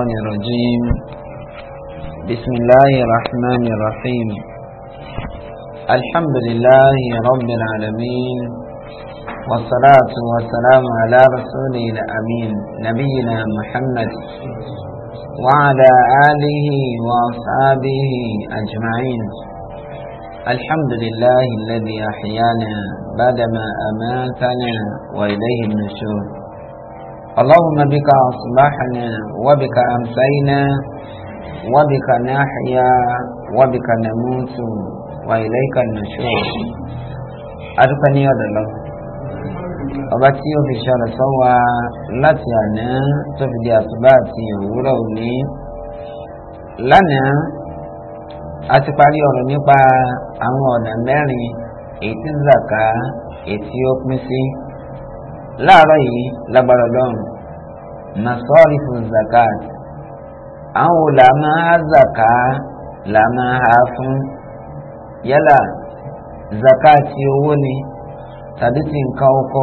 الشيطان الرجيم بسم الله الرحمن الرحيم الحمد لله رب العالمين والصلاة والسلام على رسوله الأمين نبينا محمد وعلى آله وأصحابه أجمعين الحمد لله الذي أحيانا بعدما أماتنا وإليه النشور اللهم بك أصبحنا وبك أمسينا وبك نحيا وبك نموت وإليك النشور أدقني هذا الله ọba tí ó fi ṣọ̀rọ̀ sọ wa láti àná tó fi di àsùbá àti òwúrọ̀ òní lánàá a ti parí ọ̀rọ̀ nípa àwọn ọ̀nà mẹ́rin èyí tí zaka èyí tí ó pín sí láàárọ̀ yìí lágbára Ọlọ́run masarifu zakat àwọn làmà zaka làmà ha fún yálà zakat ti owó ni tàbí ti nǹkan ọkọ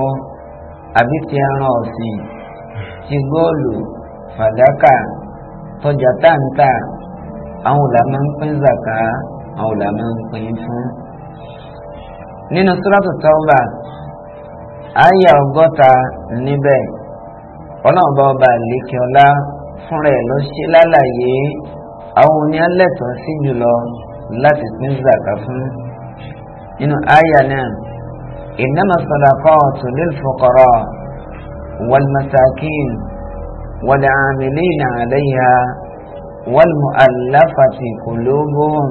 àbí ti ẹran ọ̀sìn ti góòlù fàdákà tọjà táǹtà àwọn làmà ń pín zaka àwọn làmà ń pín fún. nínú sùràtù Tawbah àyà ọgọ́ta níbẹ̀ ọlọ́run bá ọba àlékè ọlá fúnra ẹ̀ ló ṣe lálàyé àwọn oní alẹ́tọ̀ọ́ sí jùlọ láti pín zàkà fún nínú àyà náà innama sadaqatu lil fuqara wal masakin wal amilina alayha wal mu'allafati qulubuhum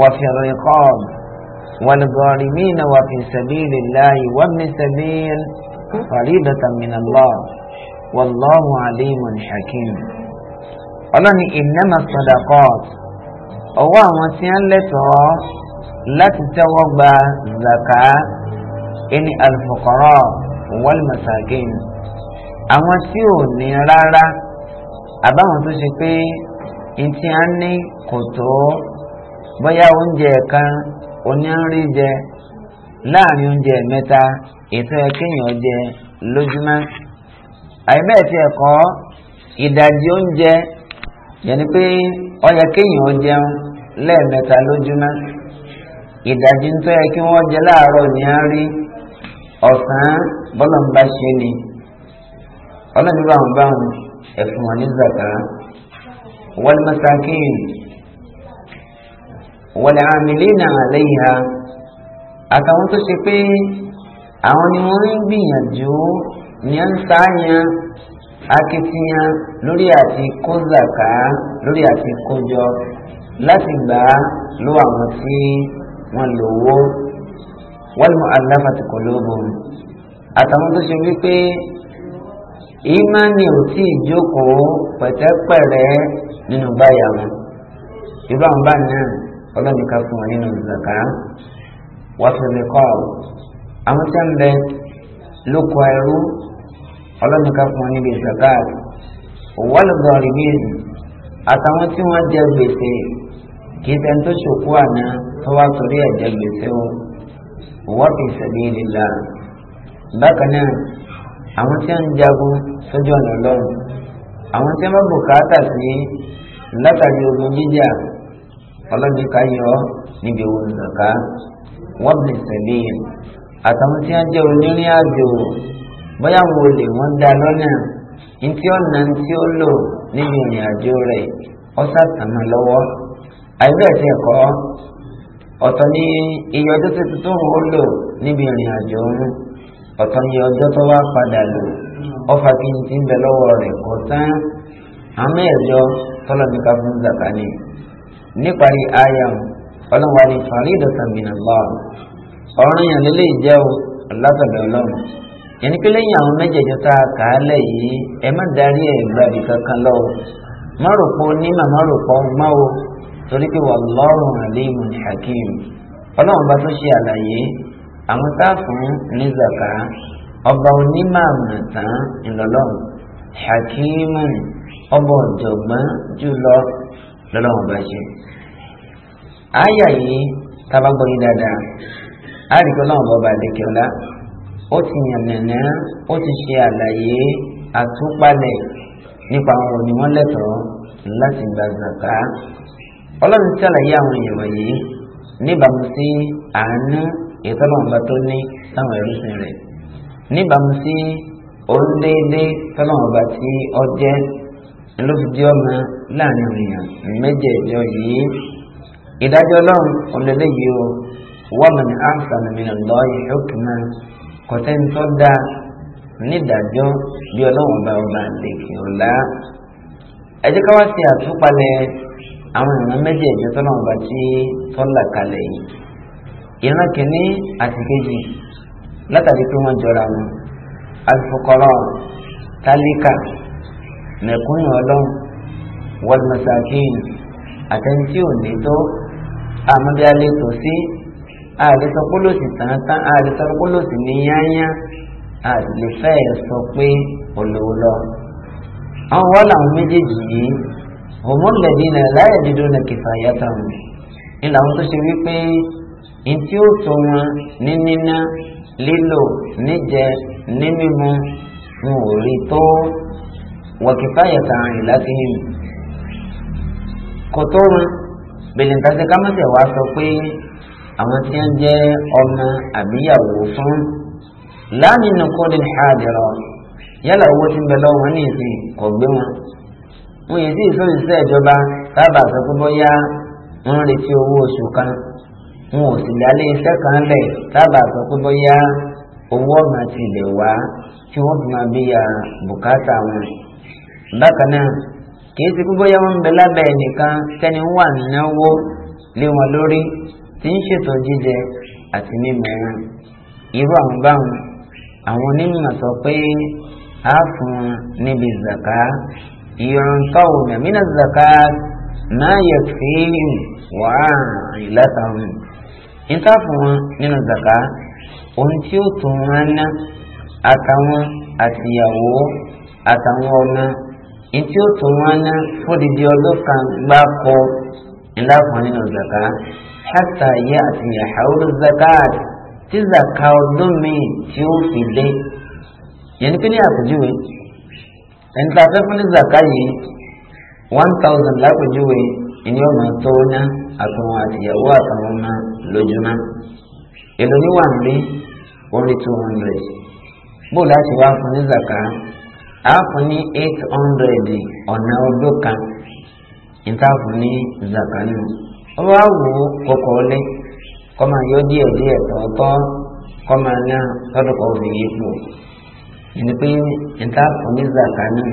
wa fi riqab wal gharimina wa fi sabilillahi wa ibn sabil fariidatan min Allah. wàlláhu alimun hakim ọlọ́ni ìnáma sadaqat ọwọ́ àwọn tí wọ́n lẹ́tọ̀ọ́ láti tẹ́wọ́ gba zaka ẹni alfukara wal àwọn tí ò ní rárá àbáwọn tó ṣe pé ntí a ní kò tó bóyá oúnjẹ kan onírin jẹ láàrin oúnjẹ mẹ́ta ètò ẹkẹyìn àìbẹ́ẹ̀ ti ẹ̀kọ́ ìdajì oúnjẹ yẹni pé ó yẹ kéèyàn ó jẹun lẹ́ẹ̀mẹ́ta lójúmọ́ ìdajì tó yẹ kí wọ́n jẹ láàárọ̀ ní á rí ọ̀sán bọ́lọ̀ ń bá ṣe ni ọlọ́run bá wọn bá wọn ẹ̀fún wọn ní zaka wal masakin wal amilina alayha àtàwọn tó ṣe pé àwọn ni wọ́n ń gbìyànjú. Ni à ń sáyàn akitiyan lórí àti kó zàká lórí àti kójọ láti gbà á ló àwọn tí wọ́n lówó wal mu'allafati qulubuhum àtàwọn tó ṣe wípé ìmánì ò tí ì jókòó pẹ̀tẹ́pẹ̀rẹ́ nínú báyà wọn irú àwọn bá náà ọlọ́nìka fún wọn nínú zàká wọ́n fi rí kọ́ àwọn tí wọ́n bẹ lóko ẹrú ọlọ́run ká fún wọn níbi ìṣọ̀gáàd wọ́lùgọ́rì bíìsì àtàwọn tí wọ́n jẹ gbèsè kì í sẹ́ni tó ṣòkú àná tó wá torí ẹ̀jẹ̀ gbèsè o wọ́n fi ṣẹ̀lẹ̀ ìlera bákan náà àwọn tí wọ́n ń jagun sójú ọ̀nà ọlọ́run àwọn tí wọ́n bùkátà sí látàrí ogun jíjà ọlọ́run ká yọ níbi owó ìṣọ̀ká wọ́n fi àtàwọn tí wọ́n jẹ onírìn àjò bóyá wọn ò lè wọ́n dá lọ́nà ntí ọ̀nà ntí ó lò níbi ìrìn àjò rẹ̀ ọ̀sà tàmà lọ́wọ́ àìbẹ̀tì ẹ̀kọ́ ọ̀tọ̀ ní iye ọjọ́ tó tó ń lò níbi ìrìn àjò ń ọ̀tọ̀ ní ọjọ́ tó wá padà lò ọfà kí n ti ń bẹ lọ́wọ́ rẹ̀ kọ́ tán àmọ́ ẹ̀jọ́ tọ́lọ́mìká fún zakani níparí àyà ọlọ́wà ní fàrídọ̀tàmìnà lọ́ọ̀ ọ̀rọ̀ yàn lélẹ́yìí jẹ́ o látọ̀dọ̀ ọlọ́run yẹn ni pé lẹ́yìn àwọn mẹ́jẹ̀jọ tá a kà á lẹ̀ yìí ẹ má darí ẹ̀ gbàbí kankan lọ má rò pọ̀ ní màmá rò pọ̀ má o torí pé wallahu alimun hakim ọlọ́run bá tó ṣe àlàyé àwọn tá a fún ní zaka ọba onímọ̀-àmọ̀tán ìlọ́lọ́run hakimun ọba ọ̀jọ̀gbọ́n jùlọ lọ́lọ́run bá ṣe. àyà yìí tábàgbọ́ yìí dáadáa á rí i pé ọlọ́run bá ba àdékẹ́ ọlá. ó ti yànnàná ó ti ṣe àlàyé àtúpalẹ̀ nípa àwọn onímọ̀ lẹ́tọ̀ọ́ láti gba zàká ọlọ́run ṣàlàyé àwọn èèyàn wọ̀nyí níbàámu sí àánú ìtọ́lọ́mọba tó ní sáwọn ẹrúsìn rẹ̀ níbàámu sí ondéédé tọ́lọ́mọba tí ọ jẹ́ lófìdí ọmọ láàrin èèyàn méjèèjọ yìí ìdájọ́ ọlọ́run ọ̀lẹ́lẹ́yìí o wọ́n mọ̀ ní àǹfààní mi lọ́ọ́ ó kì í kọ̀tẹ́ni tó dáa nídàájọ́ bí ọlọ́run bá ọba àlèkè ọ̀la ẹ jẹ́ ká wá sí àtúpalẹ̀ àwọn ìran méjì ẹ̀jẹ̀ tọ́lọ́run bá tí tọ́lá kalẹ̀ yìí ìran kìíní àti kejì látàrí pé wọ́n jọra wọn alifokọrọ tálíkà mẹ̀kúnnù ọlọ́run wọ́n masakin àtẹ̀ntì òní tó àmọ́bíálé tó sí àlè sọ pólòsì tán àlè sọ pólòsì ní yányá àlè fẹ́ sọ pé olówó lọ. àwọn wọ́n làwọn méjèèjì yìí òmùlẹ̀dì náà láyé dídó náà kìfà yàtọ̀ wọn. ní làwọn tó ṣe wípé ní tí ó tó wọn ní níná lílò níjẹ ní mímu ń ò rí tó wọ̀kìfà yàtọ̀ àrìn láti hìn. kò tó wọn bèlè ń ká má ṣe wá sọ pé. àwọn tí ń jẹ ọmọ àbíyàwó fún láàmì nìkọ́dé hàdìrọ̀ yálà owó tí bẹ lọ́wọ́ wọn ní ìsìn kò gbé wọn. wọn yìí sì fún ìṣẹ́ ìjọba sábà sọ pé bóyá wọn ń retí owó oṣù kan wọn ò sì dálé iṣẹ́ kan lẹ̀ sábà sọ pé owó ti lè wá fi máa bí ya bùkátà wọn. bákan náà kì í ti wọn ń bẹ lábẹ́ ẹnìkan wà náwó lé wọn lórí tí ń ṣètò jíjẹ àti mímu wọn irú àwọn báwọn àwọn onímọ̀ sọ pé a fún wọn níbi zaka ìyọ̀ntọ́wò mẹ́mínà zaka náà yẹ fi wàá ìlàtàwọn níta fún wọn nínú zaka ohun tí ó tún wọn ná àtàwọn àtìyàwó àtàwọn ọmọ ntí ó tún wọn ná fódìdí ọdún kan gbáko ńlá fún nínú zaka hátà yẹ àti ìyàwó zakat tí zaka ọdún míì tí ó fi dé yẹn ní pé ní àpèjúwe ẹni tá a fẹ́ fún ní zaka yìí one thousand lápèjúwe ìní ọ̀nà tó ná àtúnwọ̀n àtìyàwó àtàwọn ọmọ lójúmọ́ èlò ní wà ní orí two hundred bó láti wá fún ní zaka á fún ní eight hundred ọ̀nà ọdún kan ìta fún ní zaka nù ọwọ́ àwò ọkọ̀ ọlẹ́ kọ́ máa yọ díẹ̀ díẹ̀ tọ̀ọ̀tọ̀ kọ́ máa ná lọ́dún kan fi yípo ẹni pé níta fún ní zaka náà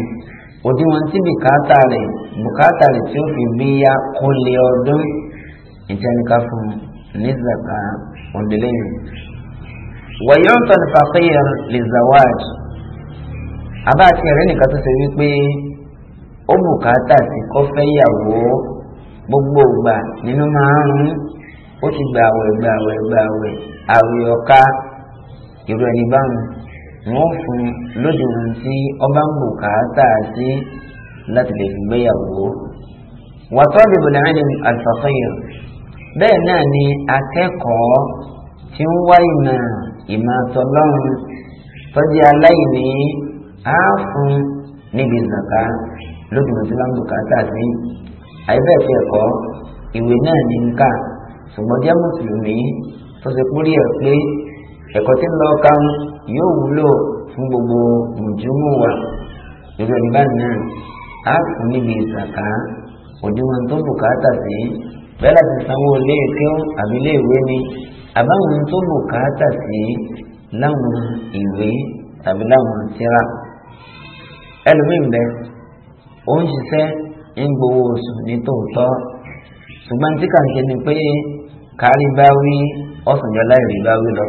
òdiwọ̀n tí bùkátà rẹ̀ bùkátà rẹ̀ tí ó fi bí ya kó lé ọdún ìjẹnika fún ní zaka ọ̀dẹ́lẹ́yìn. wọ̀nyọ́ntàn fàkìyà lè zawaj àbá àti nìkan tó ṣe wípé ó bùkátà sí kọ́fẹ́ gbogbo ìgbà nínú máa ń rún ó ti gbà àwẹ̀ gbà àwẹ̀ gbà àwẹ̀ àwẹ̀ ọ̀ka ìrù ẹni báwọn wọn fún lóde ohun tí ọba ń bò káàtà sí láti lè fi gbéyàwó wàtọ́lù bùnàrin àlùfàkọ́yọ̀ bẹ́ẹ̀ náà ni akẹ́kọ̀ọ́ tí ń wá ìmọ̀ ìmọ̀ tọ́jú aláìní á fún níbi ìzàká lóde ohun tí wọn ń bò káàtà sí àìbẹ́ẹ̀kẹ́ ẹ̀kọ́ ìwé náà ní ń kà ṣùgbọ́n jẹ́ mùsùlùmí tó ṣe kúrí ẹ̀ pé ẹ̀kọ́ tí ń lọ ká yóò wúlò fún gbogbo mùjúmù wa lórí ọ̀nìbá náà á fún níbi ìsàká òdiwọ̀n tó bùkátà sí bẹ́ẹ̀ láti sanwó iléeṣẹ́ àbí iléèwé ni àbáwọn tó bùkátà sí láwọn ìwé tàbí láwọn tíra ẹlòmíì ń ó ń ṣiṣẹ́ ń gbowó oṣù ní tòótọ́ ṣùgbọ́n tí kàǹkì ni pé kárí bá wí ọ̀sánjọ́ láìrí bá wí lọ.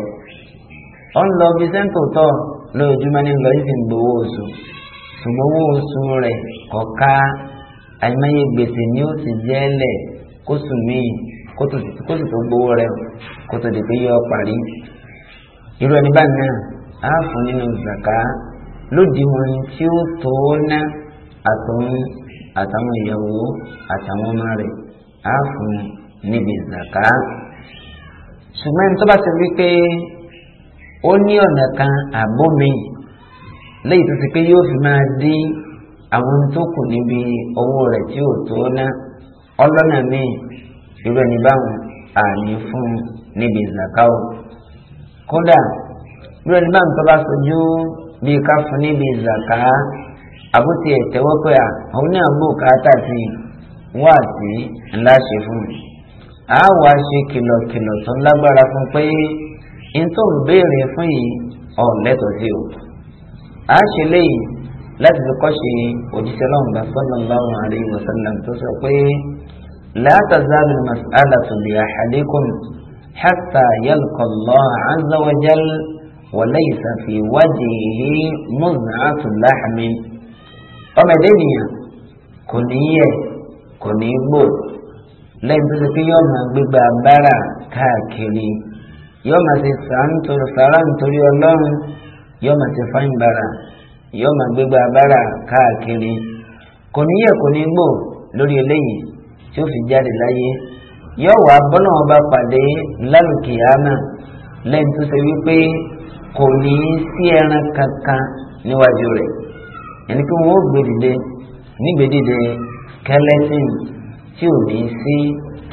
ó ń lọ bí sẹ́ńtòótọ́ lójoojúmọ́ ní lọ ìsìn gbowó oṣù ṣùgbọ́n owó oṣù rẹ̀ kọ̀ọ̀ká àìmọye gbèsè ni ó sì jẹ́lẹ̀ kó sùn míì kó sì tó gbowó rẹ̀ kó tó di pé yọ parí. irú ẹni báyìí náà á fún nínú zaka lódiwọ̀n tí ó tó ná àtọ̀hún àtàwọn ìyàwó àtàwọn ọmọ rẹ̀ á fún níbi zaka ṣùgbọ́n tó bá ti rí pé ó ní ọ̀nà kan àbómi lẹ́yìn tó ti pé yóò fi máa dín àwọn tó kù níbi owó rẹ̀ tí ò tó ná ọlọ́nà míì irú ẹni báwọn àní fún níbi zaka o kódà irú ẹni báwọn tó bá sojú bí ká fún níbi zaka àbútí ẹ̀ tẹ́wọ́ pé à òun náà bò káàtà sí wá sí ńlá ṣe fún mi. a wá ṣe kìlọ̀kìlọ̀ tó lágbára fún pé n tó ń béèrè fún yìí ọ̀ lẹ́tọ̀ọ́ sí o. a ṣe léyìí láti fi kọ́ ṣe òjíṣẹ́ lọ́hùn bá sallallahu alaihi tó sọ pé la tazalu al-mas'alatu bi ahadikum hatta yalqa Allah azza wa jal wa ọmọ ẹ̀dẹ́ ènìyàn kò ní yẹ kò ní gbò lẹ́yìn tó ṣe pé yóò máa gbégbá bára káàkiri yóò máa ṣe sàrà nítorí ọlọ́run yóò máa ṣe fáyín bára yóò máa gbégbá bára káàkiri kò ní yẹ kò ní gbò lórí eléyìí tí ó fi jáde láyé yóò wá bọ́nà ọba pàdé lálùkìyàmà lẹ́yìn tó ṣe wípé kò ní sí ẹran kankan níwájú rẹ̀ ẹni pé wọn ó gbèdìde nígbèdìde kẹlẹsìn tí ò ní sí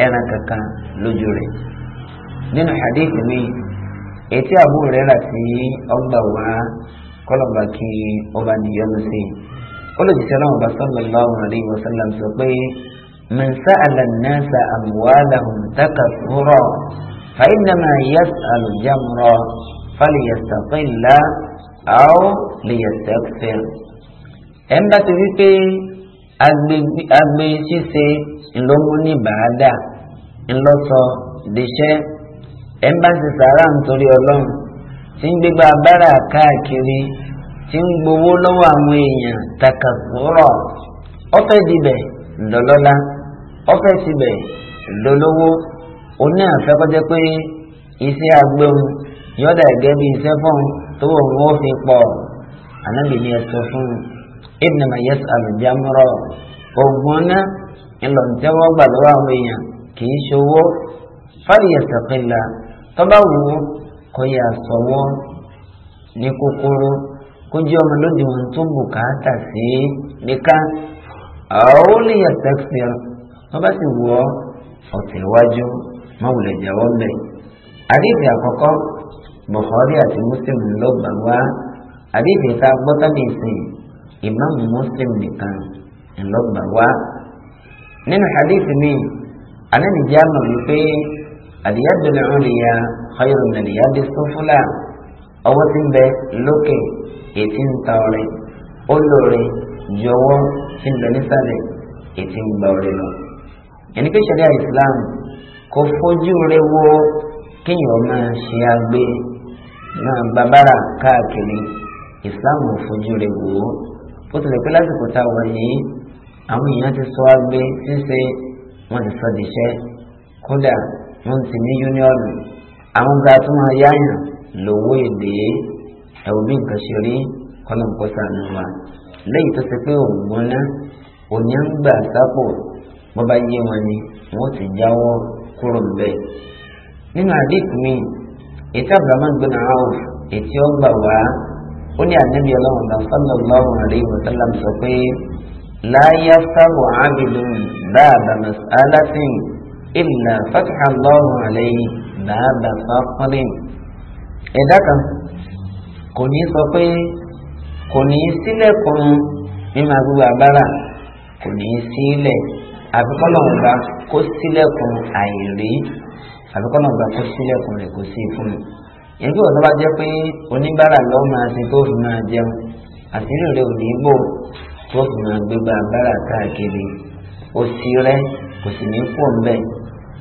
ẹran kankan lójú rẹ̀ nínú hadith mi etí Abu Hurairah tí ọgbà wá kọlọmba kí ọba nìyọnu sí i olùdíje náà ọba sallallahu alaihi wasallam sọ pé man sa'ala an-nasa amwalahum takathura fa innama yas'alu jamra falyastaqilla aw ẹ̀ ń bá ti wí pé agbe ṣíṣe ńlọ́mú ní bàádà ńlọ́sọ dèṣẹ́ ẹ̀ ti sàárà nítorí ọlọ́run tí ń gbégbá bára káàkiri tí ń gbowó lọ́wọ́ àwọn èèyàn takàkúrọ̀ ọ̀fẹ́ dibẹ̀ lọ́lọ́lá ọ̀fẹ́ tibẹ̀ lọ́lọ́wọ́ oní àfẹ́kọ́jẹ́ pé iṣẹ́ agbẹ́hùn yọ̀dà gẹ́gẹ́ bí iṣẹ́ fún tówó òun ó fi pọ̀ ànábìíní ẹ sọ fún un. innama yas'alu jamra ogun náà ńlọtí wọn gbà lọ́wọ́ àwọn èèyàn kì í ṣòwò fàlìyàsàkìlà tọ́ba wù ú kò yà sọ̀wọ́ ní kúkúrú kó jẹ́ ọmọ lóde wọn tó bùkátà sí níká àwọn olùyàsàkìlà tọ́ba sì wù ọ́ ọ̀tẹ̀wájú mọ̀wùlẹ̀ jẹ́wọ́ bẹ̀. àdéhìí àkọ́kọ́ Bukhari àti Muslim ló gbà ká gbọ́tàbí ìsìn ìmáàmù Muslim nìkan ńlọgbà wá nínú hadith mi anamijá mọ̀ wípé àdìyàdùn ìrìnà khayrun min àdìyàdì sufla ọwọ́ ti ń bẹ lókè ètí ń ta ọrẹ ó lóore jọ̀wọ́ tí ń lọ nísàlẹ̀ ètí ń gba ọrẹ lọ. ẹni pé ṣẹ̀ríà Islam kò fojú rẹ wo kéèyàn máa ṣe àgbẹ̀ máa gbàbára káàkiri Islam ò fojú rẹ wò ó tilẹ̀ pé lásìkò tá a wà yìí àwọn èèyàn ti sọ agbé ṣíṣe wọn ti sọ dìṣẹ́ kódà wọn ti ní yúníọ̀nù àwọn ga tó máa yáyàn lówó èlé ẹ̀wọ̀n bí nǹkan ṣe rí kọ́lọ́ǹkọ́ sànù wa lẹ́yìn tó ṣe pé òun gbóná òun ń gbà sápò wọ́n bá yé wọn ni wọ́n ti jáwọ́ kúrò ńbẹ́. nínú àdéhùn mi ètò àbúrámà gbóná àwọn ètí ọgbà wàá ó ní ànábì ọlọ́run náà sallallahu alaihi wa sallam sọ pé láyé sábò ábìlú báàbà mas'alatin illa fataha Allahu alaihi báàbà faqrin. ẹ̀dá kan kò ní sọ pé kò ní sílẹ̀kùn mímọ gbogbo àbára kò ní sílẹ̀ àbíkọ́lọ́ọ̀gbà kó sílẹ̀kùn àìrí àbíkọ́lọ́ọ̀gbà kó sílẹ̀kùn rẹ̀ kó sí fún mi yẹn kí wọn bá jẹ pé oníbàárà lọ máa ṣe tó fi máa jẹun àṣírí rẹ ò ní bò tó fi máa gbé gba bàárà káàkiri òsì rẹ kò sì ní pọ̀ mbẹ́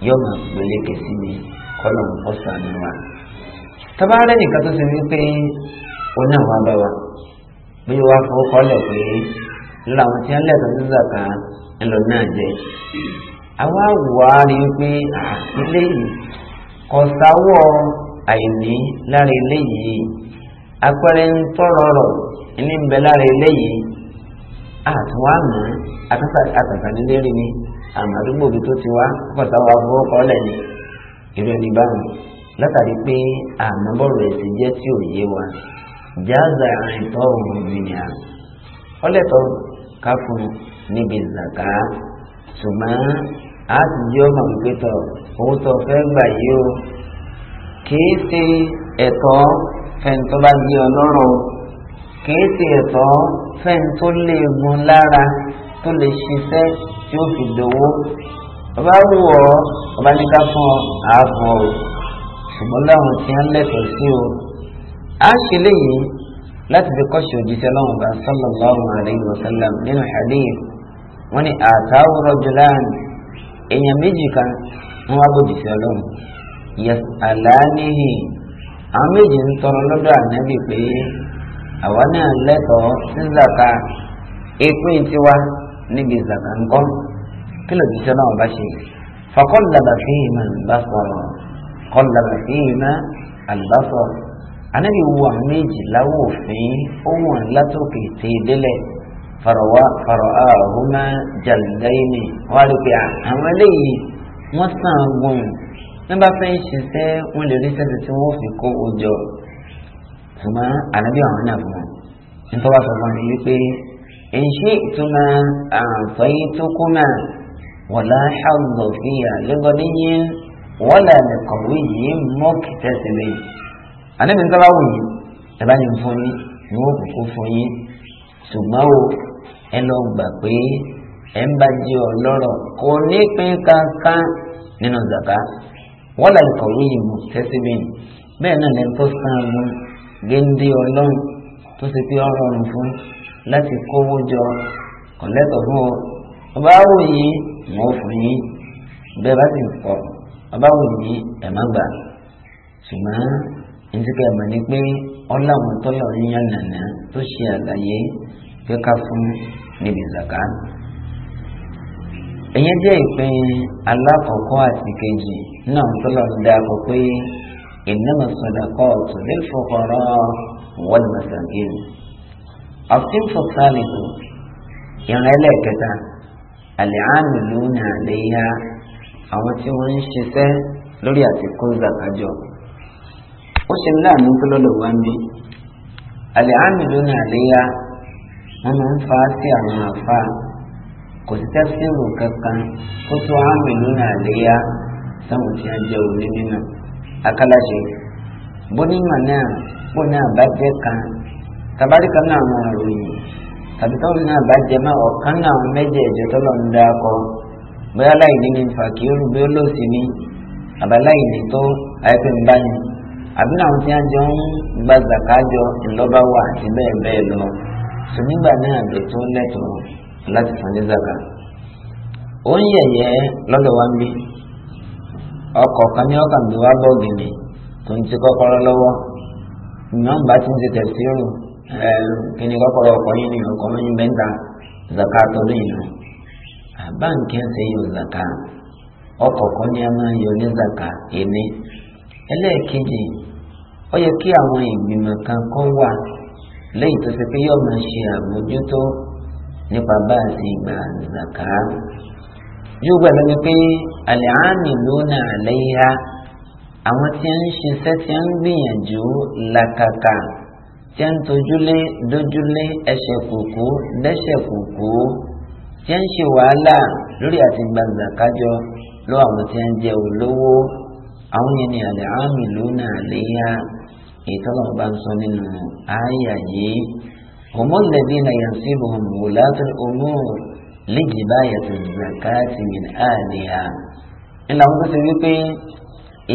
yóò máa peléke sí mi kọ́nà ọ̀sán mi wá. tabaarẹ́ nìkan tó ṣe wípé oní àwọn abẹ́ wa bí wàá fọwọ́ kọ́lẹ̀ pé lọ́la tí wọ́n lẹ̀ tó zàkà ńlọ náà jẹ. àwa wàá rí i pé àtìlẹ́yìn kọ̀ọ̀sáwọ́ àìní lára eléyìí apẹrẹ ń tọrọ ní ń bẹ lára eléyìí àtúwà mọ ni àmọ́ bí tó ti wá kọta wa fún ọkọ lẹni báwọn látàrí pé àmọ́ bọrọ jẹ tí ò yé wa jáàzà òun nìyà níbi zàká ṣùgbọ́n tọ owó tó kìí ṣe ẹ̀tọ́ fẹ́ni tó bá gbé ọlọ́rọ̀ kìí ṣe ẹ̀tọ́ fẹ́ni tó lè gun lára tó lè ṣiṣẹ́ tí ó fi dòwó ọba wù ọ́ ọba ní ká fún ọ ààbò o ṣùgbọ́n láwọn tí wọ́n lẹ́tọ̀ọ́ sí o a ṣe léyìí láti fi kọ́ṣe òjíṣẹ́ lọ́wọ́n bá sallallahu alayhi wa sallam nínú hadith wọ́n ní àtàwùrọ̀ jùlá èèyàn méjì kan wọ́n wá bójúṣe ọlọ́run yasalanihi àwọn méjì ń tọrọ lọ́dọ̀ ànábì pé àwa náà lẹ́tọ̀ọ́ sí zaka ìpín tiwa níbi zaka ńkọ́ kí ló ti sọ náà bá ṣe fakọ́lábà fíìmà albásọ̀rọ̀ kọ́lábà fíìmà albásọ̀rọ̀ ànábì wo àwọn méjì láwọ̀ òfin ohun látòkè tè délẹ̀ faraahuma jaldaini wàlùkì àwọn eléyìí wọ́n sàn gbọ̀n wọ́n bá fẹ́ ṣiṣẹ́ wọ́n lè rí sẹ́sẹ̀ tí wọ́n fi kó o jọ ṣùgbọ́n ànábì àwọn náà fún wọn nítorí wọ́n sọ fún mi wípé ìṣe ìtumọ̀ àǹfààní tó kú náà wọ̀lá ṣàwùjọ fìyà lọ́gọ́dé yín wọ́lá ẹ̀kọ́wé yìí mọ́ọ̀kì tẹ̀sílẹ̀ ànábì nítorí wọ́n yìí ẹ̀bá yìí fún yín ni wọ́n kò kó fún yín ṣùgbọ́n o ẹ lọ gbà pé ẹ ń bá jẹ́ ọlọ́rọ̀ kò ní pín kankan nínú zaka wọ́n là ń kọ̀wé ìmọ̀ tẹ́síbẹ̀ bẹ́ẹ̀ náà lẹ́nu tó sàn án géńdé ọlọ́run tó ṣe pé ọrọ̀rùn fún láti kówó jọ kọ̀lẹ́tọ̀ fún ọ ọba wò yìí wọ́n fún yín bẹ́ẹ̀ bá sì ń kọ̀ ọba wò yìí ẹ̀ má gbà ṣùgbọ́n ìdíkà ẹ̀mọ̀ ni pé ọlọ́run tọ́lọ̀ yíyan nàná tó ṣe àlàyé pé ká fún níbi zaka ìyẹn jẹ́ ìpín alákọ̀ọ́kọ́ àti kejì náà ń tọ́lọ̀ dáàbò pé ìnáwó sọ̀dọ̀kọ́ tó lè fọkọ̀rọ̀ wọ́n mọ̀sàgìrì. ọ̀sìn fọ̀sálìkù ìrìn ẹlẹ́ẹ̀kẹta àlẹ́hàmì lónà àléyá àwọn tí wọ́n ń ṣiṣẹ́ lórí àti kó zakajọ. ó ṣe láàánú tó lọ́dọ̀ wá mi àlẹ́hàmì lónà àléyá wọ́n máa ń fa sí àwọn àfáà kò sí tẹ́sírù kankan tó tó hàmìlú náà léyà táwọn tí a jẹ́ òní nínú akálàṣe bónímọ̀ náà bó náà bá jẹ́ kan tàbárí kan náà mọ̀ ròyìn tàbí tó náà bá jẹ́ mọ́ ọ̀kan náà mẹ́jẹ̀ẹ̀jọ tó lọ ń dá akọ bóyá láìní ní fàkírù bí ó lò sí ní àbáláìní tó àìpẹ́ ń bá ní àbí náà tí a jọ ń gba zàkájọ ńlọ́bá wà àti bẹ́ẹ̀ bẹ́ẹ̀ lọ sùn náà lè tó lẹ́tọ̀ọ́ láti san ní zaka ó ń yẹ̀yẹ́ lọ́dọ̀ wa ń bí ọkọ̀ kan ní ọkàn mi wá bọ́ gèlè tó ń ti kọ́kọ́rọ́ lọ́wọ́ ìyọ́n bá ti ń ti tẹ̀síọ́rù kí ni kọ́kọ́rọ́ ọkọ̀ yín ni ọkọ̀ yín bẹ́ńtà zaka tọdún yìí àbáǹkì ń ṣe yọ zaka ọkọ̀ kan ní a máa ní zaka ẹni ẹlẹ́ẹ̀kejì ó yẹ kí àwọn ìgbìmọ̀ kan kọ́ wà lẹ́yìn tó ṣe pé yóò máa ṣe àmójútó nípa bá a ti gba zaka yóò gbà lórí pé àlẹ́ àmì lónà àlẹ́yà àwọn tí ń ṣiṣẹ́ tí ń gbìyànjú làkàkà tí ń tojúlé dójúlé ẹsẹ̀ kùkú lẹ́sẹ̀ kùkú tí ń ṣe wàhálà lórí àti gba zaka jọ lọ́wọ́ àwọn tí ń jẹ olówó àwọn yẹn ni àlẹ́ àmì lónà àlẹ́yà ìtọ́lọ́mọba ń sọ nínú àyà yìí. هم الذين ينصبهم ولاة الأمور لجباية الزكاة من آلها إلا wọ́n ti wí pé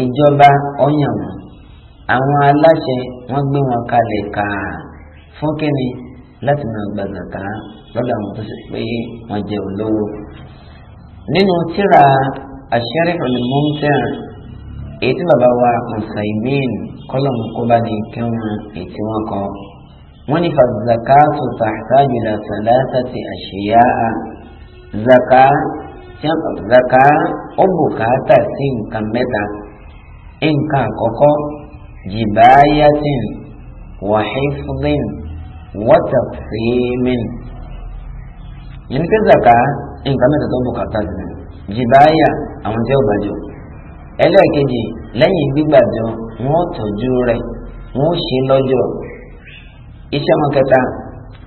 ìjọba ọ̀yàn àwọn aláṣẹ wọ́n gbé wọn kalẹ̀ ká fún kíni láti máa gba zàká lọ́dọ̀ àwọn tó ṣe pé wọ́n jẹ́ olówó. nínú tíra àṣírí olùmọ́ńtẹ́r èyí tí bàbá wa kùsàìmíìn kọ́lọ̀mù kó bá ní kí èyí tí wọ́n kọ́ wọ́n ní fàzàkàtù tàhtájú ila salasati àṣeyáà zaka zaka ó bùkátà sí nǹkan mẹ́ta nǹkan àkọ́kọ́ jìbáyàtìn wàhífúdìn wọ́tàfíìmìn yẹn pé zaka nǹkan mẹ́ta tó bùkátà sí jìbáyà àwọn tí ó gbàjọ ẹlẹ́ẹ̀kejì lẹ́yìn gbígbàjọ wọ́n tọ́jú rẹ̀ wọ́n ṣe lọ́jọ́ iṣẹ́ wọn kẹta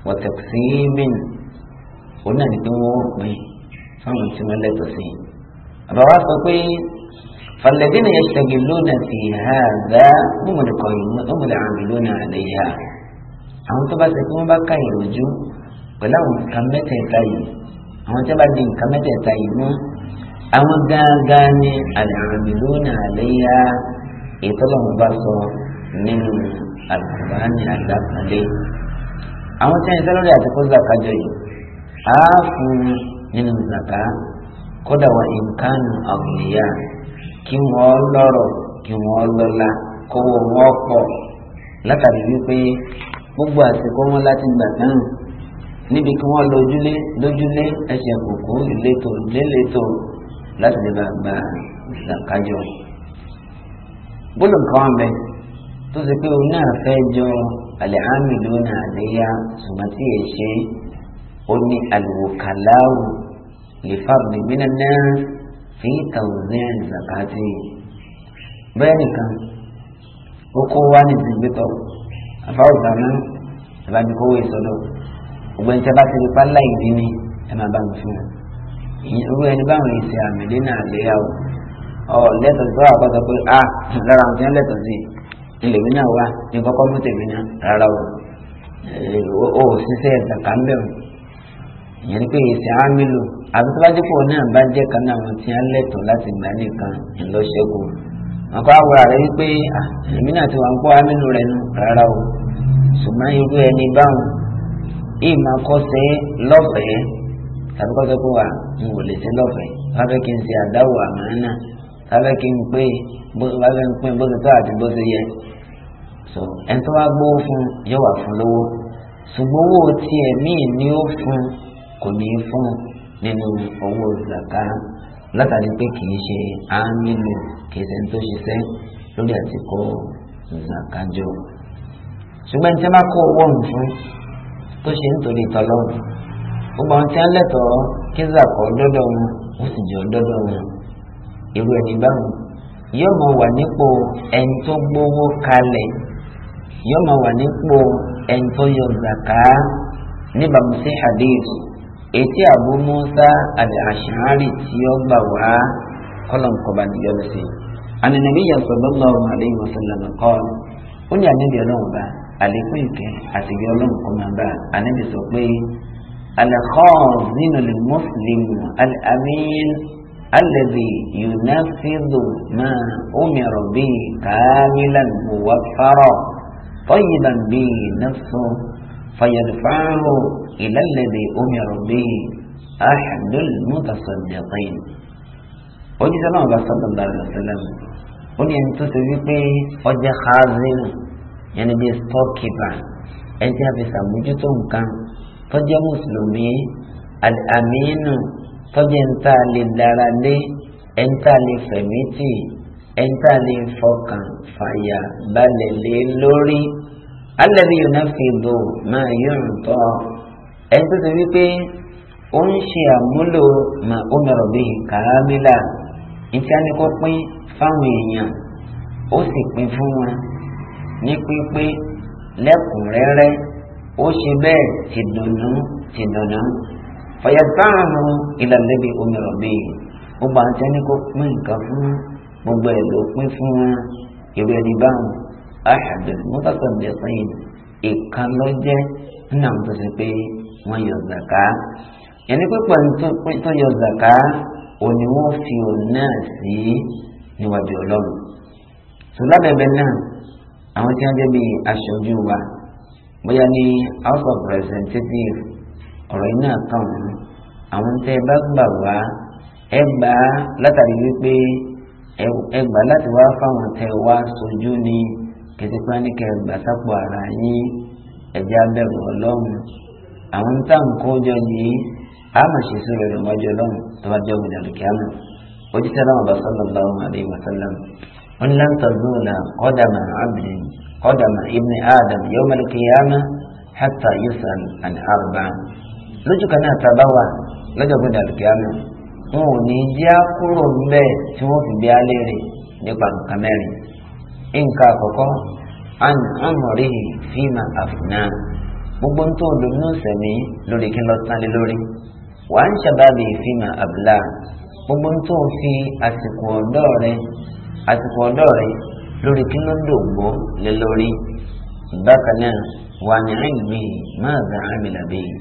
wọ̀tẹ̀kùsímìn òun náà ní pé wọ́n pè fáwọn tí wọ́n lẹ́tọ̀ọ́ sí i. àbáwá sọ pé فالذين يشتغلون في هذا هم القائمون هم العاملون عليها àwọn tó bá ṣe kí wọ́n bá ká ìròjú pẹ̀lú àwọn nǹkan mẹ́tẹ̀ẹ̀ta yìí àwọn tó bá di nǹkan mẹ́tẹ̀ẹ̀ta yìí mú àwọn gángan ní àlàmìlónà àléyà ètò ọlọ́run bá sọ nínú àlùkùránì àgbàpọ̀lé àwọn tí wọ́n sẹ́lọ́rì àti kó zaka jọ yìí á fún nínú zaka kódà wà ìǹkanu àwòyá kí wọ́n lọ́rọ̀ kí wọ́n lọ́lá kówó wọn pọ̀ látàrí wípé gbogbo àsìkò wọn láti gbà tán níbi kí wọ́n lójúlé lójúlé ẹsẹ̀ kòkó ìletò léletò láti lè bá gba zaka jọ gbólóǹkà wọn bẹ́ẹ̀ tó ṣe pé òun náà fẹ́ jọ alihamdu náà léyà ṣùgbọ́n tí èyí ṣe ó ní alùwòkàláwù lè fáwọn ìgbìnà náà fi tàwùzẹ́ zakati bẹ́ẹ̀ nìkan ó kó wá ní ìdìgbìtọ̀ àfáwùsà náà ìbájú kówó ìsọdọ̀ ti di pálá ìdí ni máa bá mi fún un irú ẹni báwọn èsì àmì lé léyà o ọ lẹ́tọ̀ọ́ àgbàdo pé a ah, lára àwọn tí wọ́n lẹ́tọ̀ọ́ sí i ilẹ̀ náà wá ní kọ́kọ́ mú tèmi náà rárá o ò ṣiṣẹ́ kàkà ń bẹ̀rù ìyẹn ni pé èsì àmìlò àbí tó bá jẹ́ pọ̀ náà bá jẹ́ kan náà wọn ti á lẹ́tọ̀ọ́ láti gbà nìkan ńlọ́ṣẹ́gun wọn kọ́ àwòrán rẹ wípé ah, èmi náà ti wà ń kọ́ àmìlò rẹ nù rárá o ṣùgbọ́n irú ẹni báwọn ìmọ̀ kọ́sẹ́ lọ́fẹ̀ẹ́ tàbí kọ́sẹ́ pé wà ń wò lè ṣe lọ́fẹ̀ẹ́ wọ́n fẹ́ kí n ṣe àdáwò àmọ́ náà wọ́n fẹ́ kí n pé so ẹni tó wá gbówó fún yóò wà fún lówó ṣùgbọ́n owó tiẹ̀ míì ni ó fún kò ní í fún nínú owó zaka látàrí pé kì í ṣe ámìlù kì í ṣe tó ṣiṣẹ́ lórí àsìkò zaka jọ ṣùgbọ́n tí wọ́n bá kó owó ń fún tó ṣe nítorí tọ́lọ́ gbogbo àwọn tí wọ́n lẹ́tọ̀ọ́ kí zakọ̀ dọ́dọ̀ wọn ó sì jọ dọ́dọ̀ wọn irú ẹni báwọn yóò mọ wà nípò ẹni tó gbówó kalẹ̀ yóò máa wà nípò ẹni tó yọ zaka níbàámu sí hadith etí Abu Musa al-Ash'ari tí ó gbà wá kọlọ̀nkọba níjọba sí àni nabiyya sallallahu alayhi wa sallam qala ó ní àníbi ọlọ́run bá àlékún ìkẹ́ àtìgbẹ́ ọlọ́run kọ́ máa bá àníbi sọ pé al-khazinu al-muslim al-amin alladhi yunafidu ma umira bihi kamilan muwaffara. طيبا به نفسه فيدفعه إلى الذي أمر به أحد المتصدقين وجد الله صلى الله عليه وسلم قل ينتسبقي يعني وجه خازن يعني بي ستوكيبر أنت في سمجتهم كان تجي مسلمي الأمين تجي انت للدرالي انت لفميتي ẹ̀ńtà lè fọkàn fàyà balẹ̀ lé lórí alẹ́bí yunafido máa yóò tọ́ ẹni tó ti wípé ó ń ṣe àmúlò mà ó mẹ̀rọ̀ bí kàrámílà ìtí àníkó pín fáwọn èèyàn ó sì pín fún wọn ní pípé lẹ́kùnrẹ́rẹ́ ó ṣe bẹ́ẹ̀ ti dùnú ti dùnú fàyà táwọn ìlàlẹ́bí ó mẹ̀rọ̀ bí ó bá ń tẹ́ ní kó pín nǹkan fún wọn gbogbo ẹ̀ ló pín fún irú ẹni báwọn ahadu mutasaddiqin ìkan ló jẹ́ nínú àwọn tó ṣe pé wọ́n yọ zàká ẹni pípọ̀ tó yọ zàká òní wọ́n fi òun náà sí níwájú ọlọ́run ṣùgbọ́n bẹ̀bẹ̀ náà àwọn tí wọ́n jẹ́ bíi aṣojú wa bóyá ní house of representatives ọ̀rọ̀ iná kan àwọn tẹ́ bá gbà wá ẹ gbà látàrí wípé ẹgbà láti wá fáwọn tẹ wá sojú ní kẹsíkpá ní kẹgbà sápò ara yín ẹjẹ abẹrù Ọlọ́run àwọn tá à ń kọjọ yìí a máa ṣe sọ̀rọ̀ rẹ wájú Ọlọ́run tó bá jẹ òmìnira kìámù ojúṣe aláwọ bá sọlọ bá wọn àdéhùn wasallam wọn lọ ń tọjú kọdàmà abdin kọdàmà ibn adam yóò mẹlẹ kìámù hatta yusal an arba lójú kan náà tábà wà lọ́jọ́ gbọ́dọ̀ kìámù wọn ò ní jẹ́ kúrò ńbẹ̀ tí wọ́n fi bí alẹ́ rè nípa nǹkan mẹ́rin nǹkan àkọ́kọ́ àni ọmọrí fíìmà àfìnà gbogbo ń tó lóminú sẹ̀mí lórí kí n lọ tán lé lórí wàá ń ṣàbàbí fíìmà àbúlà gbogbo ń tó fi àsìkò ọ̀dọ́ rẹ àsìkò ọ̀dọ́ rẹ lórí kí n lọ dògbò lé lórí bákan náà wà ní àìgbé máa gbà ámì làbẹ́ yìí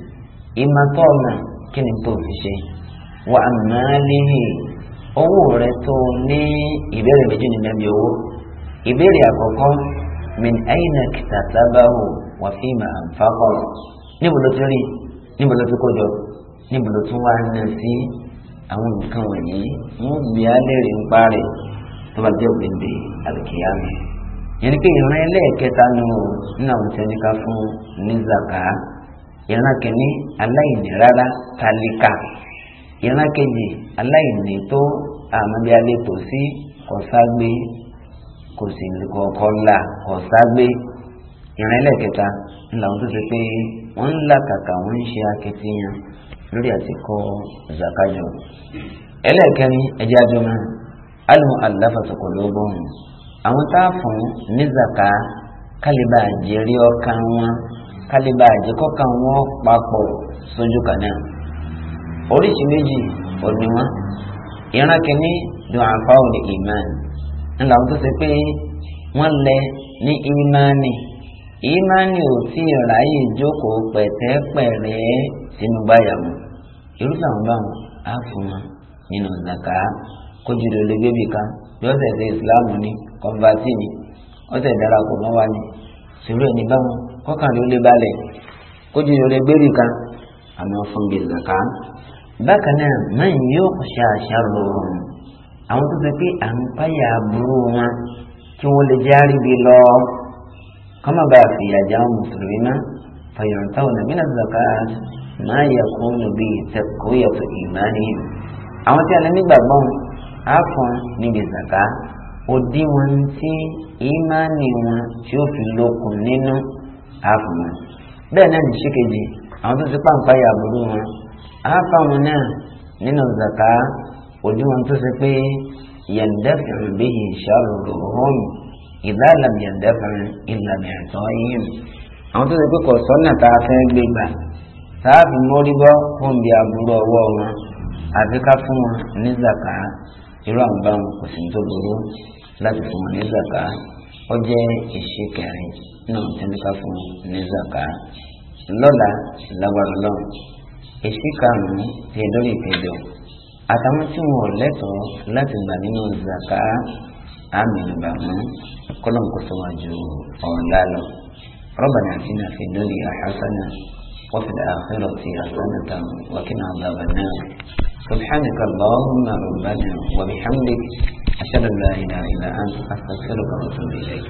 ìmọ̀tọ́ ọ̀nà kí ni tó fi ṣe wà máàlìhì owó rẹ̀ tó ní ìbéèrè méjì ní nàbí owó ìbéèrè àkọ́kọ́ min aina kitasabahu wa fima anfaqa níbo ló ti rí níbo ló ti kó jọ níbo ló tún wá ná sí àwọn nǹkan wọ̀nyí wọ́n gbé alẹ́rìí ń parẹ́ tó bá jẹ́ òbèǹde àlùkìyàmù yẹn ni pé ìran ẹlẹ́ẹ̀kẹta nù nínú àwọn tí wọ́n ká fún ní zaka ìran kìíní aláìní rárá tálíkà ìran kejì aláìní tó àmọ́bí alẹ́ tó sí kọ̀ságbé kò sì kọ̀ọ̀kọ́ ńlá kọ̀ságbé ìran ẹlẹ́kẹta ńlá wọn tó ṣe pé wọ́n ń là kàkà wọ́n ń ṣe akitiyan lórí àti kọ́ ẹlẹ́kẹrin ẹjẹ́ àjọmọ́ alimu aláfàtọ̀kọ̀ ló bọ̀hún àwọn tá a fún ní zaka kálíbà jẹ́rí ọkàn wọn kálíbà jẹ́kọ̀ọ́kàn wọn papọ̀ sójú kan náà. oríṣi méjì òní wọn ìran kìíní dùn àfa òní ìmán ńlá wọn tó ṣe pé wọn lẹ ní ìmánì ìmánì ò tí ì ráyè jókòó pẹ̀tẹ́pẹ̀rẹ́ sínú báyà mu irúfẹ́ àwọn báwọn á fún wọn nínú zaka kójú lè gbé bì kan bí tẹ̀sẹ̀ ìsìláàmù bákan náà man yukhsha sharruhum àwọn tó ṣe pé à ń páyà burú wọn kí wọ́n lè járe bí lọ kọ́mọ̀ bá fìyà já mùsùlùmí náà fayu'tawna min az-zakat ma yakunu bi taqwiyati imanihim àwọn tí a lè nígbàgbọ́ á fún níbi zaka òdiwọ̀n tí ìmánì wọn tí ó fi lókun nínú á fún bẹ́ẹ̀ náà ní ṣíkejì àwọn tó ti pàǹpáyà burú wọn àáfàwọn náà nínú zaka òdiwọ̀n tó ṣe pé yẹ̀ndẹ́fẹ̀rẹ̀ bíi ìṣàròrò hàn ìdálàmì yẹ̀ndẹ́fẹ̀rẹ̀ ìlànà ẹ̀tọ́ yìí àwọn tó ṣe pé kò sọ́nà tá a fẹ́ gbé gbà sáàbì mọ́rígbọ́ fún bí aburú ọwọ́ wọn àti ká fún wọn ní zaka irú àwọn báwọn kò sí tó burú láti fún wọn ní zaka ó jẹ́ ìṣe kẹrin náà tẹ́lẹ̀ fún ní zaka lọ́la lágbára lọ́wọ́ ìṣìkànnì ti lórí ìpẹ̀jọ àtàwọn tí wọn ò lẹ́tọ̀ọ́ láti gbà nínú zaka àmìlùbà mú kọ́lọ́ǹkóso wọn ju ọ̀la lọ rọ́bànà àti nàfi lórí àhásánà وفي الآخرة حسنة وقنا عذاب النار سبحانك اللهم ربنا وبحمدك أشهد أن لا إله إلا أنت أستغفرك وأتوب إليك